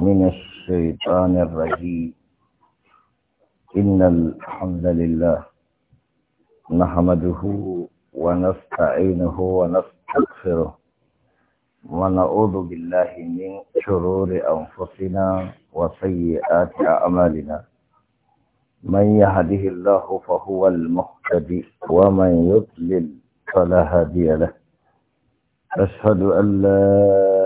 من الشيطان الرجيم إن الحمد لله نحمده ونستعينه ونستغفره ونعوذ بالله من شرور أنفسنا وسيئات أعمالنا من يهده الله فهو المهتدي ومن يضلل فلا هادي له أشهد أن لا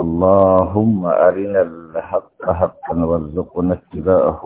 اللهم أرنا الحق حقا وارزقنا اتباعه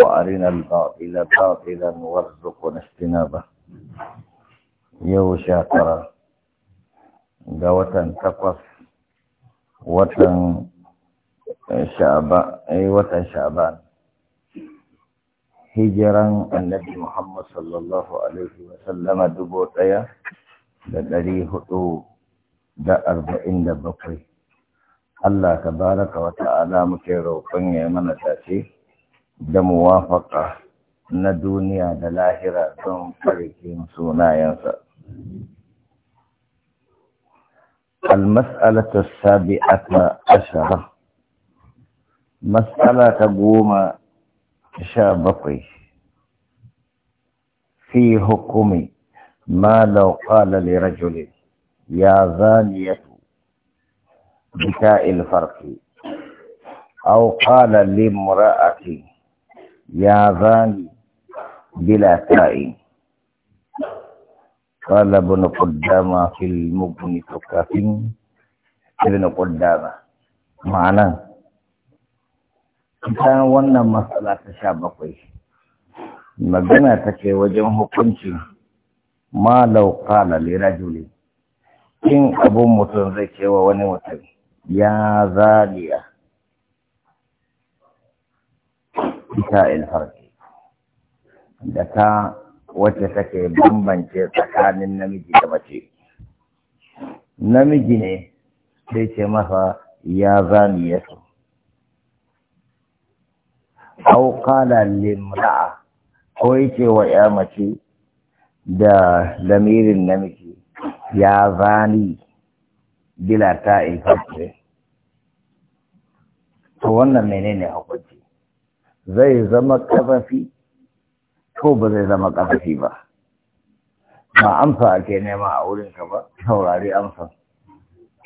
وأرنا الباطل باطلا وارزقنا اجتنابه يو شاكرا دوة تقف وطن شعبان أي وطن شعبان هجرا النبي محمد صلى الله عليه وسلم دبوتيا لدري ɗari da arba'in da bakwai Allah ta baraka wa ta'ala muke roƙon ya mana tace da muwafaka na duniya da lahira don farkin sunayensa المسألة السابعة عشرة مسألة تقوم شابقي في حكم ما لو قال لرجل يا زانية بتاء الفرق أو قال لامرأة يا زاني بلا تاء قال ابن قدامة في المبن تكافين ابن قدامة معنى كان وانا مسألة تشابقي magana take wajen hukuncin ma lau qala li rajulin in abun mutum zai cewa wani mutum ya zaliya ita ilfarki da ta wacce take bambance tsakanin namiji da mace namiji ne sai ce masa ya zaliya su Auƙala kala limra'a ko yake wa ya mace da lamirin namiji ya zani bila ta ifafe to wannan menene hukunci zai zama kafafi ko ba zai zama kafafi ba ba amsa ake nema a wurin ka ba saurari amsa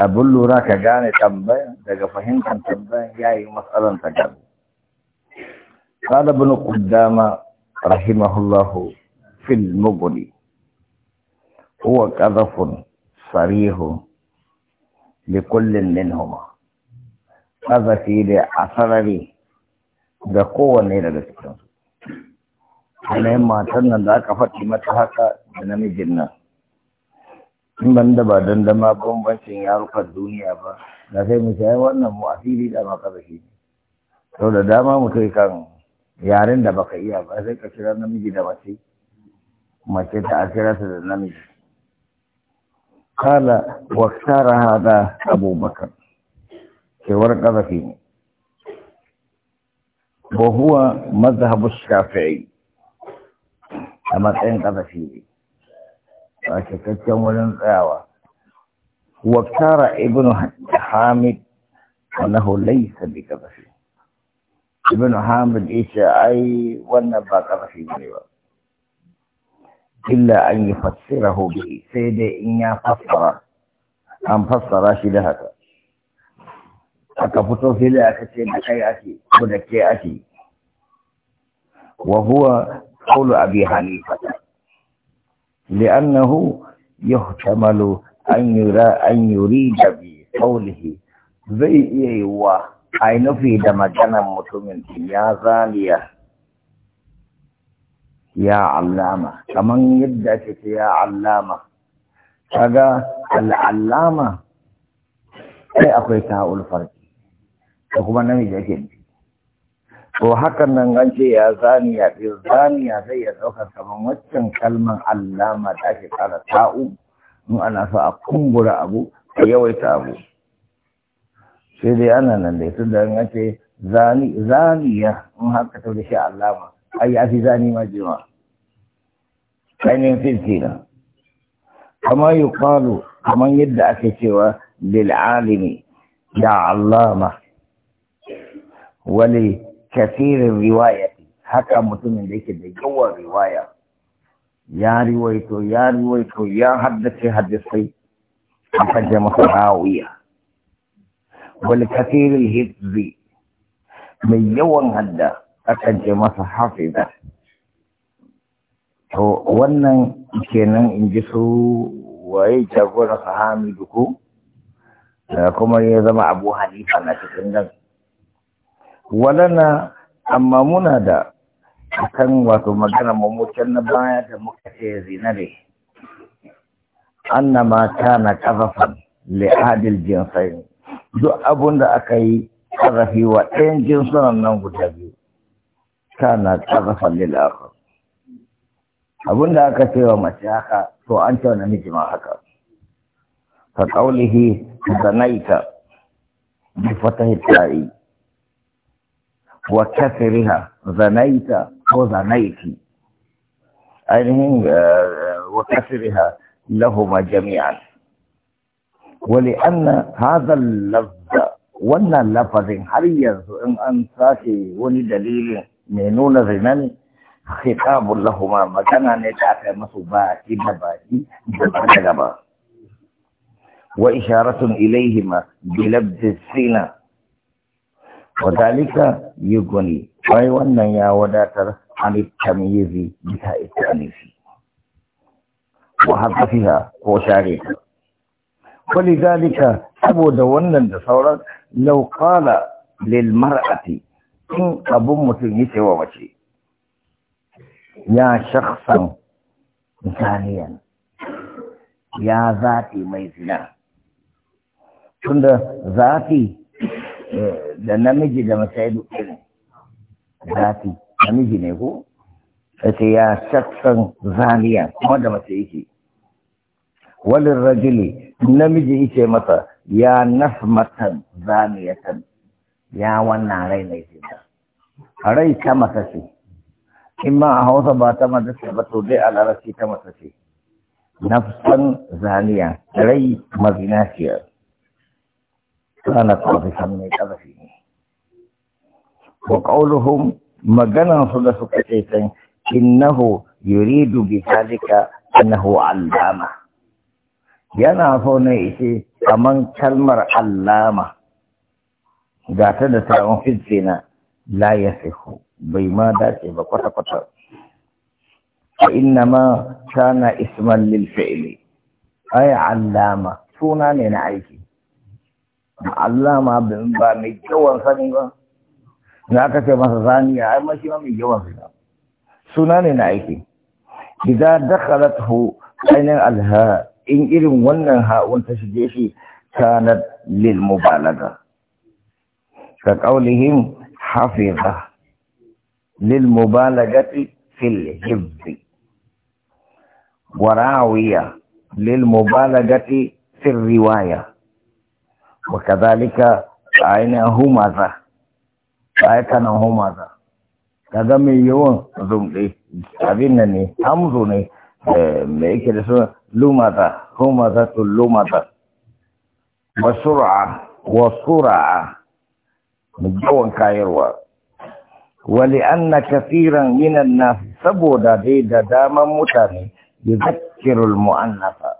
abin lura ka gane tambaya daga fahimtar tambayan yayi matsalan ta gano Kada bin قدامة rahimahullahu fil في هو قذف صريح لكل منهما قذفي لأثرري da kowanne daga cikinsu matan nan da aka faɗi mata haka da namijin nan in ban da ba don dama bambancin yarukan duniya ba na sai mu shayi wannan mu asiri da ma ƙarfi sau da dama mutum kan yaren da baka iya ba sai ka kira namiji da mace mace ta a kira da namiji قال واختار هذا أبو بكر في ورقة فيه وهو مذهب الشافعي أما تنقذ فيه فشككم يوم تساوى واختار ابن حامد أنه ليس بكذا فيه ابن حامد إيش أي وانا كذا فيه illa an yi fassira hobi sai dai in ya fassara an fassara shi da haka aka fito fili aka ce da kai ake ko da ke ake wa huwa qawlu abi hanifa li'annahu yuhtamalu an yura an yurida bi qawlihi zai iya yiwa ai da maganar mutumin ya zaliya ya allama kaman yadda ake ce ya allama kaga al'allama sai akwai ta farki da kuma namiji ake nufi to hakan nan an ce ya zani ya fi zani ya zai ya ɗaukar kaman waccan kalman allama da ake tsara ta'u in ana so a kumbura abu a yawaita abu sai dai ana nan dai tun da an ce zani zaniya in haka ta da shi allama ai ya fi zani ma jima ainihin fifty na kama yi kwalo kamar yadda ake cewa lil'alimi ya allama Wani kasirin riwaya haka mutumin da yake da yawan riwaya ya riwaito ya riwaito ya haddace hadisai aka je masa rawiya wali kasirin hitzi mai yawan hadda aka je masa hafiza to wannan kenan in ji su waye jagoran su hamidu ko kuma ya zama abu hanifa na cikin nan walana amma muna da akan wato magana mamucin na baya da muka ce zinare annama na kazafan li'adil jinsai, duk abun da aka yi karafi wa ɗayan jinsunan nan guda biyu na kazafan lil'akhir abin da aka ce wa mace haka to an ce namiji ma haka ka kaulihi zanaita bi fatahi ta'i wa kasriha zanaita ko zanaiti ainihin eh, eh, wa kasriha lahuma jami'an ولأن هذا اللفظ wannan lafazin har yanzu in an sace wani dalilin mai nuna zinani khitabun lahuma magana ne ta aka masu baki da baki da gaba wa isharatun ilaihima bilabdis sina wa dalika yuguni wai wannan ya wadatar an tamyizi bisa itanisi wa hadafiha ko share ta wali dalika saboda wannan da sauran law qala lil mar'ati in abun mutum yace wa mace ya shakhsan zaniyan ya zafi mai zina tunda zafi eh, da namiji da mace duk ne zafi namiji ne ko sai ya shakhsan zaniyan kuma da mace yake walin rajuli namiji yake mata ya nasmatan zaniyatan ya wannan rai mai zina rai ta masa in ma a hausa ba ta mace ba to dai a larabci ta mace ce nafsan zaniya rai mazinaciyar kana mai ƙarfi ne wa ƙauluhum maganansu da suka ce san innahu yuridu bi halika annahu allama yana so ne ishe kaman kalmar allama ga ta da ta'un fitse na la yasihu bai ma dace ba kwata-kwata fa inna ma kana isman lil fi'li ay allama suna ne na aiki allama bin ba mai kyawun sani ba na aka ce masa zaniya ai mashi ma mai kyawun sani suna ne na aiki idan dakhalathu ainin alha in irin wannan ha'un ta shige shi kana lil mubalaga ka qaulihim hafizah للمبالغة في الحفظ وراوية للمبالغة في الرواية وكذلك أين همزة أين همزة kaga mai yawan zumɗe abin nan ne hamzo ne me yake da suna lumata humata to lumata wa sura'a wa sura'a yawan kayarwa wali an na kafiran na saboda dai da daman mutane ya zakirul mu'annafa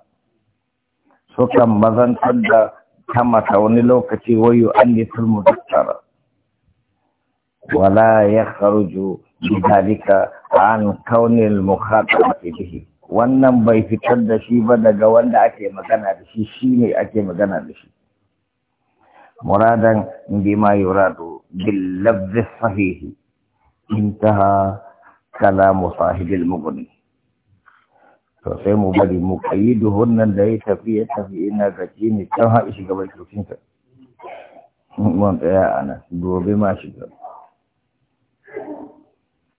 mazan mazantar da kamata wani lokaci wayo an yi tulmu daktara wala ya kharuju bidalika an kaunil mukhatabati bihi wannan bai fitar da shi ba daga wanda ake magana da shi shine ake magana da shi muradan yi rado, bil lafzi sahihi انتهى كلام صاحب المغني sosai mu bari mu kayyidu nan da ya tafi ya tafi ina gaci ne can haɗe shiga bai kyautinta. Mun tsaya a nan, gobe ma shiga.